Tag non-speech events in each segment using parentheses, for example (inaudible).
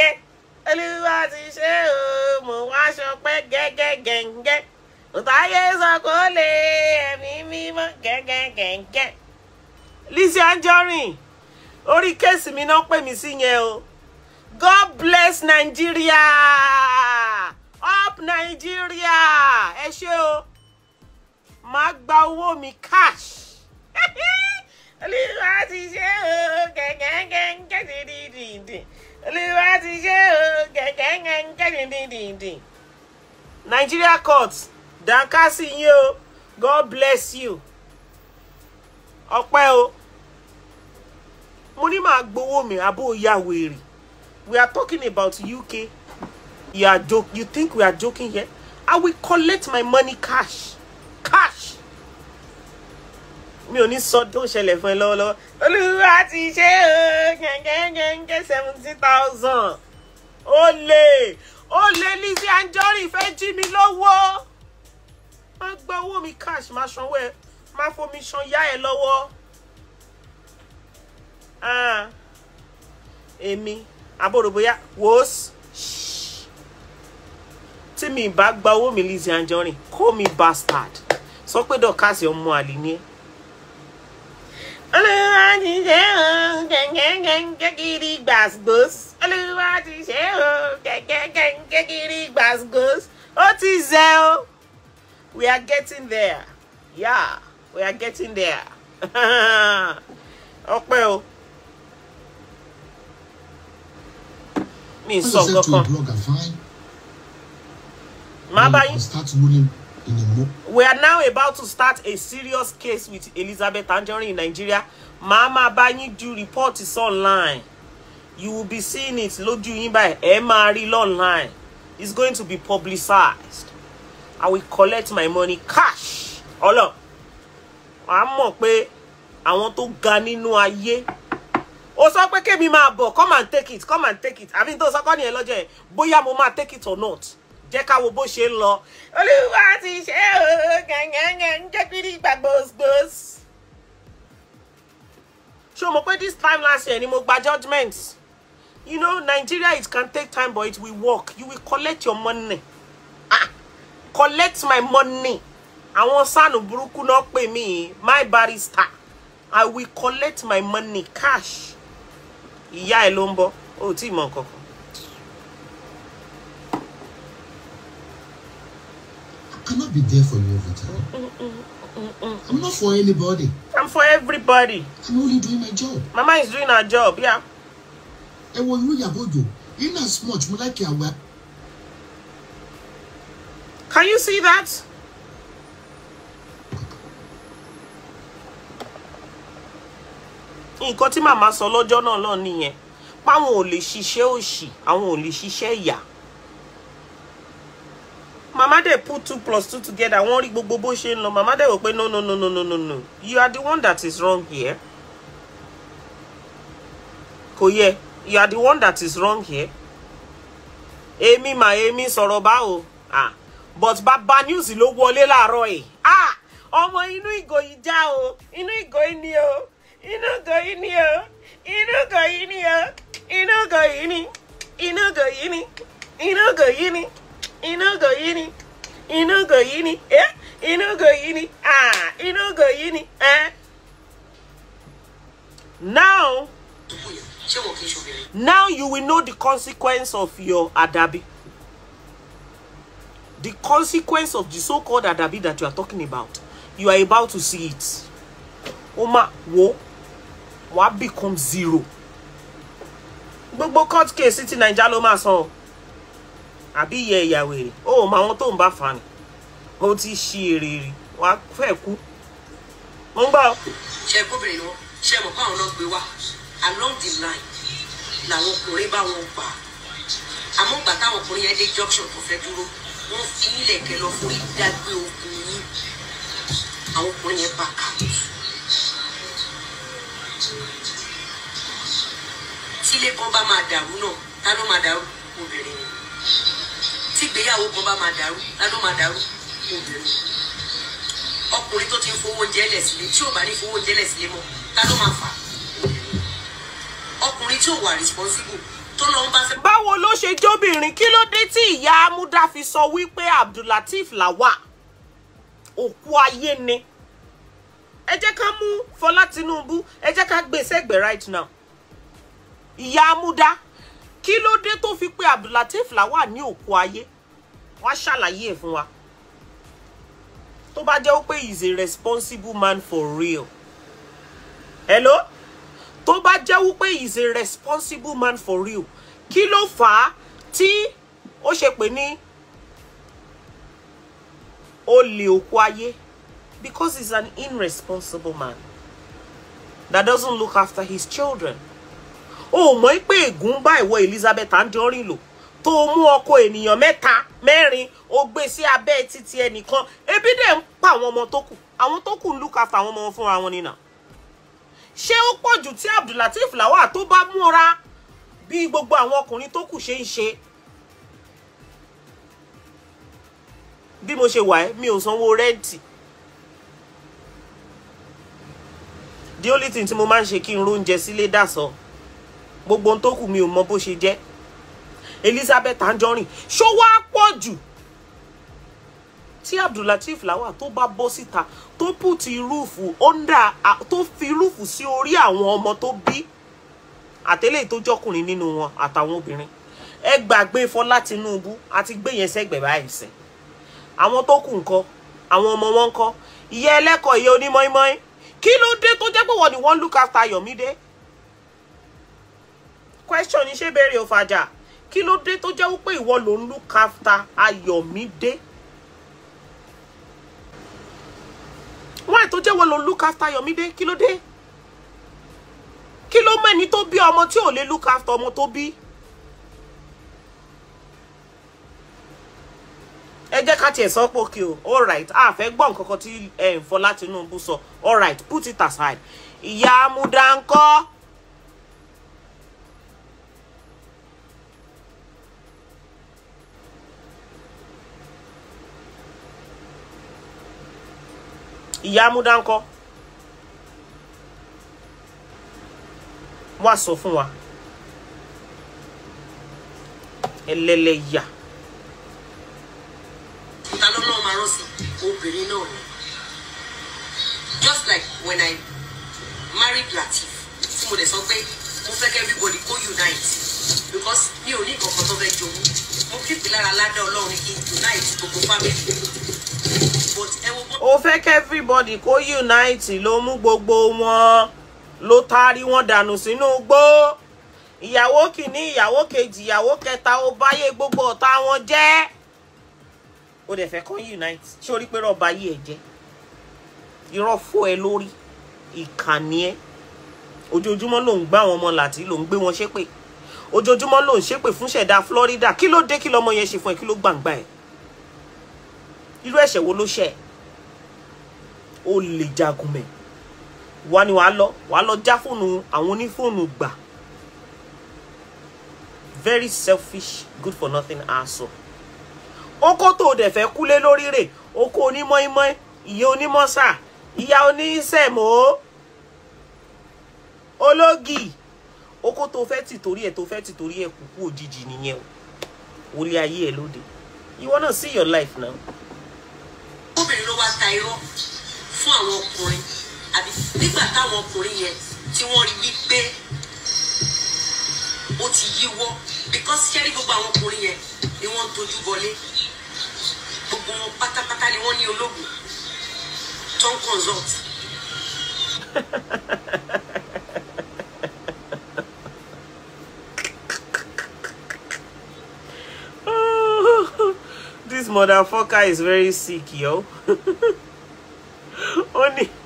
gẹ́gẹ́ olúwa ti ṣe o mò ń wá ṣọpẹ́ gẹ́gẹ́ gẹ́gẹ́ òtáyé sọ kó lè ẹ̀mí mímọ́ gẹ́gẹ́ gẹ́gẹ́. Lizzy Anjorin orí kéèsì mi náà pè mí sí yẹn o God bless Nigeria up Nigeria ẹ ṣé o màá gba owó mi cash olúwa ti ṣe o gẹ̀gẹ̀gẹ̀gẹ̀ dídìdì olúwa ti ṣe o gẹ̀gẹ̀gẹ̀gẹ̀ dídìdì. Nigeria court dankasi yín o God bless you ọpẹ́ o mo ní màá gbowó mi àbó ya wèrè we are talking about UK you are joke you think we are joking here I will collect my money cash cash mi ò ní sọ tó ṣẹlẹ̀ fún ẹ lọ́wọ́lọ́wọ́ olúwa ti ṣe o gẹ́gẹ́gẹ́gẹ́ seventy thousand ó lè ó lè Lizzy Anjorin fẹ́ jí mi lọ́wọ́ má gba owó mi cash má sanwó ẹ má fomi san yá ẹ lọ́wọ́ ah, èmi àbòròbóyá wòós tí mi bá gba owó mi Lizzy Anjorin call me bastard sọ pé dọ̀kásì ọmọ àlè ni ẹ́ olúwa ti ṣe o kẹ̀kẹ́ kiri gbàgbós olúwa ti ṣe o kẹ̀kẹ́ kiri gbàgbós ó ti ṣe o we are getting there yeah we are getting there (laughs) ọpẹ́ o. mi sọ nǹkan kan We are now about to start a serious case with Elizabeth Anjorin in Nigeria. Mama, bá yín report is online. You will be seeing it lójú yín báyìí. Ẹ máa online. It's going to be publicized. I will collect my money cash. Ọlọ. Wàá mọ̀ pé àwọn tó ga nínú ayé. Ó sọ pé kémi máa bọ̀ come and take it come and take it. Àbí tó sọ́kọ́ nìyẹn lọ́jọ́ yẹn Boya mo máa take it or not jẹ́ ká wo bó ṣe ń lọ. olúwa ti ṣe ooo gàngàngàn ń jẹ́ kiri gbà gbòógbòós. ṣé o mọ̀ pé this time last year ni mo gba judgement you know Nigeria it can take time but it will work you will collect your money ah collect my money àwọn sànù burúkú náà pè mí my barrister I will collect my money cash ìyá ẹ ló ń bọ̀ o ò tí ì mọ nǹkan kan. I'll be there for you every time. Mm mm, mm, mm, mm, I'm not for anybody. I'm for everybody. I'm only doing my job. Mama is doing her job, yeah. Ẹ wo irú about you. in as much mo like àwa. Can you see that? Nǹkan tí màmá sọ lọ́jọ́ náà lọ nìyẹn. Páwọn ò lè ṣiṣẹ́ òṣì, àwọn ò lè ṣiṣẹ́ ìyà. Mama, dẹ̀ put two plus two together wọ́n rí gbogbo bó ṣe ń lọ Mama, dẹ̀ wò pé no no no no no no no you are the one that is wrong here kò yẹ you are the one that is wrong here èmi mà èmi sọ̀rọ̀ báwo ah but baba news ló wọlé láàárọ̀ ẹ̀ ah ọmọ inú ìgò yìí já o inú ìgò yìí ni o inú ìgò yìí ni o inú ìgò yìí ni o inú ìgò yìí ni inú ìgò yìí ni inú ìgò yìí ni inú gò yí ni inú gò yí ni ẹ eh? inú gò ni ah inú gò yí ni ẹ. Eh? now now you will know the consequence of your adabi the consequence of the so-called adabi that you are talking about you are about to see it oma wo wa become zero gbogbo court case ti naija ló máa san o àbí ìyẹ ìyàwó èrè ó mọ àwọn tó ń bá fa ni mo ti ṣe èrè rí wàá fẹ́ kú mo ń gbà ó. ṣe gómìnà ni wọn ṣe mọ fáwọn náà gbé wá along the line làwọn ọkùnrin bá wọn pa àmọ́ gbà táwọn ọkùnrin yẹn dé junction tó fẹ́ dúró wọ́n fi ilẹ̀kẹ̀ lọ fún ìdágbé ogun yìí àwọn ọkùnrin yẹn bá kà tílé kan bá máa dàrú náà ta ló máa dàrú obìnrin ni tí ìgbéyàwó kan bá máa dàrú lánà máa dàrú obìnrin ọkùnrin tó ti ń fowó jẹ́lẹ̀ sílé tí ò bá ní fowó jẹ́lẹ̀ sílé mọ́ ta ló máa fà ọkùnrin tí ò wà responsible tó lọ bá fẹ́. báwo ló ṣe jóbìnrin kí ló dé tí ìyá amúdá fi sọ wípé abdullateef làwà òkú ayé ni ẹ jẹ́ ká mú Fọlá Tinubu ẹ jẹ́ ká gbé e sẹ́gbẹ̀ẹ́ right now ìyá amúdá kí ló dé tó fi pé abdullateef làwà ní òkú ayé wọ́n á ṣàlàyé ẹ̀ fún wa tó bá jẹ́ pé he is a responsible man for real hello tó bá jẹ́ pé he is a responsible man for real kí ló fà á tí ó ṣe pé ní olè òkú ayé because he is an irresponsible man that doesn't look after his children ó mọ̀ pé ègún bá ìwọ Elizabeth andorin lò tó mú ọkọ ènìyàn mẹ́ta mẹ́rin ó gbé sí abẹ́ títí ẹnìkan ebi dẹ̀ ń pa àwọn ọmọ tó kù àwọn tó kù ń look after àwọn ọmọ wọn fúnra wọn nínà ṣé ó pọ̀ jù tí Abdulateef Lawal tó bá múra bí gbogbo àwọn ọkùnrin tó kù ṣe ń ṣe bí mo ṣe wà ẹ́ mi ò sanwó rẹ́ǹtì the only thing tí mo máa ń ṣe kí n róúnjẹ sílé dàsọ gbogbo ohun tó kù mi ò mọ bó ṣe jẹ́ Elizabeth Anjorin ṣó wá pọ̀ jù tí Abdullateef Lawal tó bá bọ́ síta tó pùtì rúùfù ọ́ndà tó fi rúùfù sí orí àwọn ọmọ tó bí àtẹlẹ́yìn tó jọkùnrin nínú wọn àtàwọn obìnrin ẹ gbàgbé Fọlá Tinubu àti gbé yẹn sẹ́gbẹ̀ẹ́ báyìí sẹ́ àwọn tó kù ńkọ́ àwọn ọmọ wọn ńkọ́ ìyá ẹlẹ́kọ̀ọ́ ìyá onímọ̀ọ́mọ́ẹ́ kí ló dé tó jẹ́ pé wọ́n ni wọ́n look after Yomide question ni ṣé bẹ́ẹ̀ rí o fàjà kí ló dé tó jẹ́ wípé ìwọ ló ń look after Ayọ̀mídé why tó jẹ́ ìwọ ló ń look after Ayọ̀mídé kí ló dé kí ló mẹ́ni tó bí ọmọ tí ò lè look after ọmọ tó bí ẹ jẹ́ ká tiẹ̀ sọ pé okay o all right a fẹ́ gbọ́ nǹkan kan tí eh, Fọlá Tinubu sọ all right put it aside ìyá amúdá ìyá amúdá ńkọ́ wá sọ fún wa ẹlẹ́lẹ́yà. ta ló náà máa rán obìnrin náà ni just like when I married Latif tí mo dẹ̀ sọ pé mo fẹ́ kẹ́ everybody go unite because mi ò ní kankan tó fẹ́ jowú mo kíkì lára ládàá ọlọ́run kí n unite gbogbo family ó fẹ́ kí everybody kó unite ló mú gbogbo wọn ló taari wọn dànù sínú igbó ìyàwó kìíní ìyàwó kejì ìyàwó kẹta ó báyé gbogbo ọ̀tá wọn jẹ́ ó dẹ̀ fẹ́ kán unite ṣé o rí pé rọ́ọ̀bà yìí ẹ̀ jẹ́ irọ́ fọ́ ẹ lórí ìkànnì ẹ ojoojúmọ́ ló ń gbá àwọn ọmọ làtí ló ń gbé wọn ṣépè ojoojúmọ́ ló ṣépè fún ṣẹ̀dá Florida kí ló dé kí lọmọ yẹn ṣe fún ẹ kí ló gbàǹgbà ẹ̀ irú ẹ̀ṣẹ̀ wo ló ṣẹ̀ ó lè jagun mẹ́ wá ni wàá lọ wàá lọ já fóònù àwọn onífóònù gbà very selfish good for nothing asshole oko tó o dẹ̀ fẹ́ kúlé lórí rẹ̀ oko onímọ̀-ímọ̀ ìyá onímọ̀sà ìyá oníṣẹ̀mọ́ ológì oko tó fẹ́ tì torí ẹ̀ tó fẹ́ tì torí ẹ̀ kúkú òjijì nìyẹn o wọlé ayé ẹ̀ lóde you wanna see your life now obìnrin ló wá ta irọ́ fún àwọn ọkùnrin àbí nígbà táwọn ọkùnrin yẹn tí wọ́n rí wípé ó ti yíwọ́ because ṣẹ́rí gbogbo àwọn ọkùnrin yẹn ni wọ́n ń tojú bọlé gbogbo wọn pátápátá ni wọ́n ní ológun tó ń consult. (laughs) motherfucker is very sick, yo. Only. (laughs)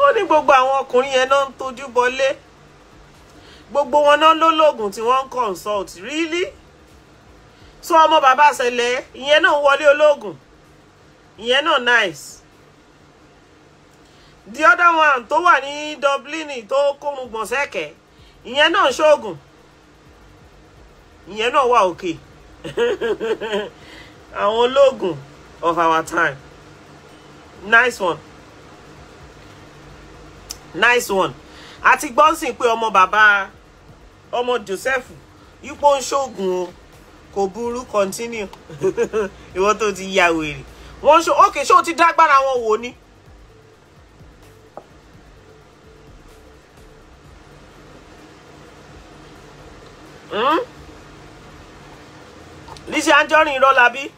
only ní gbogbo àwọn ọkùnrin yẹn náà ń tójú bọlé gbogbo wọn náà ló lóògùn tí wọ́n ń consult really so ọmọ bàbá ṣẹlẹ̀ ìyẹn náà wọlé olóògùn ìyẹn náà nice the other one tó wà ní Dublin tó kórun gbọ̀nsẹ̀kẹ̀ ìyẹn náà ṣoògùn ìyẹn náà wà òkè àwọn ológun of our time nice one nice one àti gbọ́nsìn pé ọmọ bàbá ọmọ Joseph yípo ń ṣoògùn o kò burú continue (laughs) ìwọ tó ti ya wèrè wọ́n ṣó ok ṣó ti dágbára wọn wò ni. Mm? Lizzy Anjorin irọ́ la bí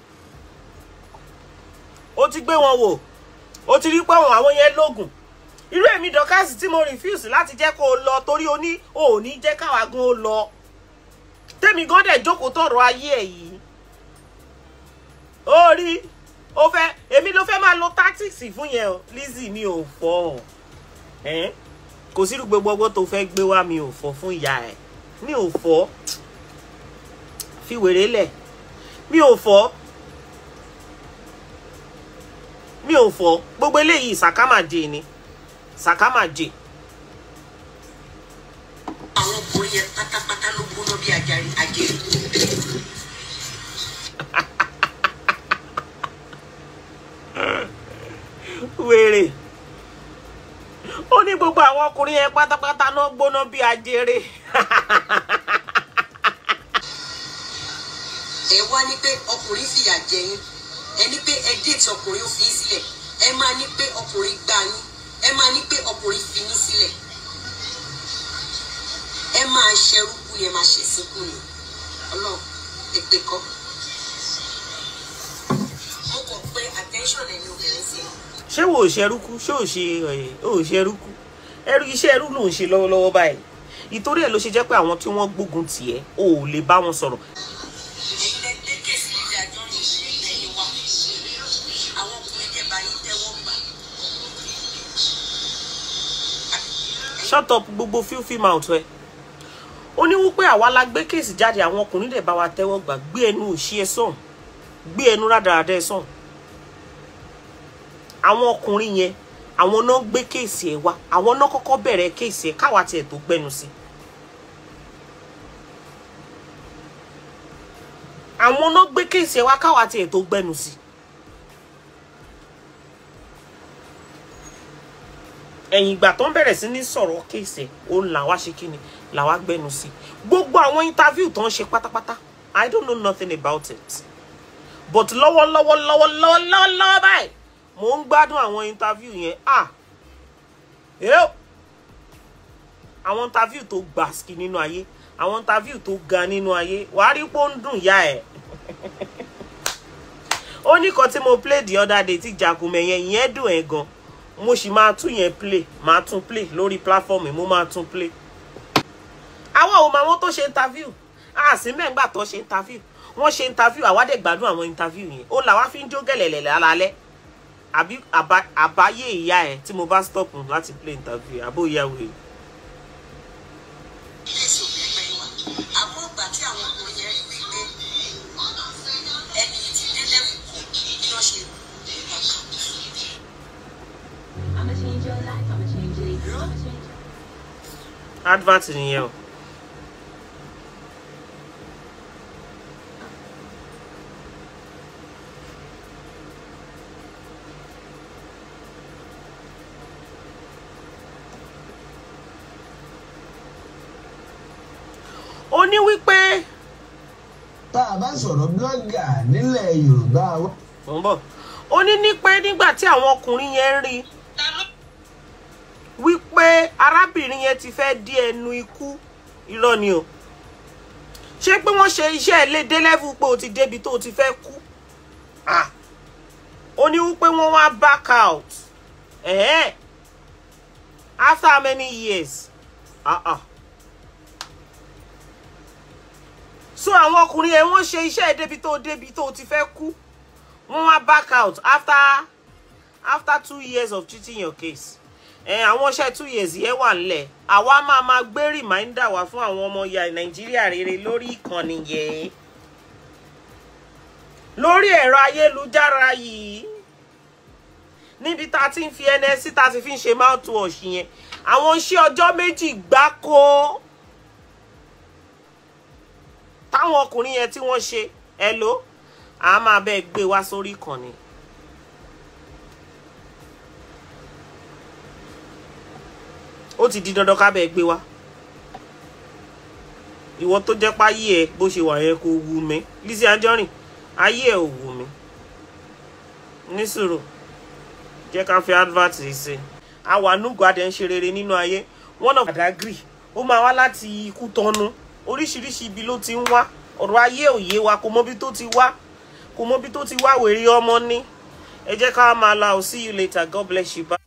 ó ti gbé wọn wò ó ti rí pé àwọn yẹn lóògùn irú èmi dọkásì tí mo refuse láti jẹ́ kó o lọ torí o ní o ò ní jẹ́ káwa gan o lọ tèmi gan dẹ̀ jókòó tọ̀rọ̀ ayé ẹ̀ yìí ó rí o fẹ́ èmi ló fẹ́ máa lo tactics fún yẹn o Lizzy mi ò fọ ọ kò sírú gbogbo ọgbọ́n tó fẹ́ gbé wá mi ò fọ fún ìyá ẹ̀ mi ò fọ fi wèrè lẹ̀ mi fo, fọ́ fo, ò fọ́ gbogbo eléyìí sàkámàjè ni sàkámàjè. àwọn bo yẹn pátápátá ló gbóná bí àjàre àjèrè. (laughs) wèrè ó ní gbogbo àwọn ọkùnrin yẹn pátápátá ló gbóná bí àjèrè. (laughs) ẹ wá ní pé ọkùnrin fìyà jẹ yín ẹ ní pé ẹ déètì ọkùnrin ó fi yín sílẹ̀ ẹ máa ní pé ọkùnrin gbá yín ẹ máa ní pé ọkùnrin fi yín sílẹ̀ ẹ máa ṣerúkú yẹn máa ṣèsìnkú ni ọlọ́run ètè kọ́. mo kàn pé attention ẹni obìnrin sí i. ṣé wo ṣerúkú ṣé ò ṣe ò ṣerúkú ẹrú iṣẹ́ ẹrú ló ń ṣe lọ́wọ́lọ́wọ́ báyìí ìtorí ẹ̀ ló ṣe jẹ́ pé àwọn tí wọ́n gbógun tì ẹ́ ò lè bá wọn sọ̀rọ̀ shut up gbogbo fífi mouth ẹ ó ní wípé àwa la gbé kéèsì jáde àwọn ọkùnrin dẹ̀ bá wa tẹ́wọ́ gbà gbé ẹnu òṣì ẹ sàn gbé ẹnu rádaràdà ẹ sàn àwọn ọkùnrin yẹn àwọn náà gbé kéèsì ẹ wá àwọn náà kọ́kọ́ bẹ̀rẹ̀ kéèsì ẹ káwa tiẹ̀ tó gbẹnu sí i. àwọn náà gbé kéèsì ẹ wá káwa tiẹ̀ tó gbẹnu sí ẹ̀yìn ìgbà tó ń bẹ̀rẹ̀ sí ní sọ̀rọ̀ kéèsì ó ń làwa ṣe kí ni làwa gbẹnu sí gbogbo àwọn interview tó ń ṣe pátápátá I don't know nothing about it but lọ́wọ́lọ́wọ́ lọ́wọ́lọ́wọ́ lọ́wọ́ báyìí mò ń gbádùn àwọn interview yẹn ah yóò àwọn interview tó gbàsíkì nínú ayé àwọn interview tó ga nínú ayé wàá rí pé ó ń dùn yá ẹ̀ ó ní kan tí mo play the other day tí jàkùmẹ̀ yẹn ìyẹn dùn ẹ̀ gan mo sì máa tún yẹn play máa tún play lórí platform mo máa tún play. àwọn ò ma àwọn tó ṣe interview àsì mẹ́ngbà tó ṣe interview wọ́n ṣe interview àwádẹ́ gbádùn àwọn interview yẹn ó làwa fi ń jó gẹ̀lẹ̀lẹ̀ lálẹ́ àbí àbáyé ìyá ẹ̀ tí mo bá stop láti play interview àbó ìyá wèé. ilé ìsòfin ẹgbẹ́ wa àmọ́ ìgbà tí àwọn ọkùnrin advert nìyẹn o. ó ní wípé. tá a bá sọ̀rọ̀ blọ́gà nílẹ̀ yorùbá wa. ó ní ní pé nígbà tí àwọn ọkùnrin yẹn rí i pé arábìnrin yẹn ti fẹ́ dí ẹnu ikú irọ́ ni o ṣé pé wọ́n ṣe iṣẹ́ ilé dé pé o ti débi tó o ti fẹ́ kú ó ní wípé wọ́n wá back out eh? after how many years uh-uh. so àwọn ọkùnrin yẹn wọ́n ṣe iṣẹ́ ìdébi tó débi tó ti fẹ́ kú wọ́n wá back out after after two years of treating your case àwọn iṣẹ́ two years yẹn wà nílẹ̀ àwa máa máa gbé rìmáìndà wá fún àwọn ọmọ ya nàìjíríà rere lórí ìkànnì yẹn lórí ẹ̀rọ ayélujára yìí níbi tá a ti ń fi nsc tá a ti fi ń ṣe mouthwash yẹn àwọn iṣẹ́ ọjọ́ méjì gbáko táwọn ọkùnrin yẹn tí wọ́n ṣe ẹ ló àá máa bẹ́ẹ̀ gbé wá sórí ìkànnì ó ti di dandan kábẹ́ gbé wa ìwọ tó jẹ́ páyé ẹ bó ṣe wà yẹn kò wù mí Lizzy Anjorin ayé ẹ ò wù mí ní sùúrù jẹ́ ká fi advert ṣe àwa nùgbà dẹ̀ ń ṣe rere nínú ayé one of Badagry ó máa wá láti ikú tọ́nu oríṣiríṣi ibi ló ti ń wá ọ̀rọ̀ ayé òye wa kò mọbi tó ti wá kò mọbi tó ti wá wèrè ọmọ ní ẹ jẹ́ ká máa la ò see you later God bless you bye.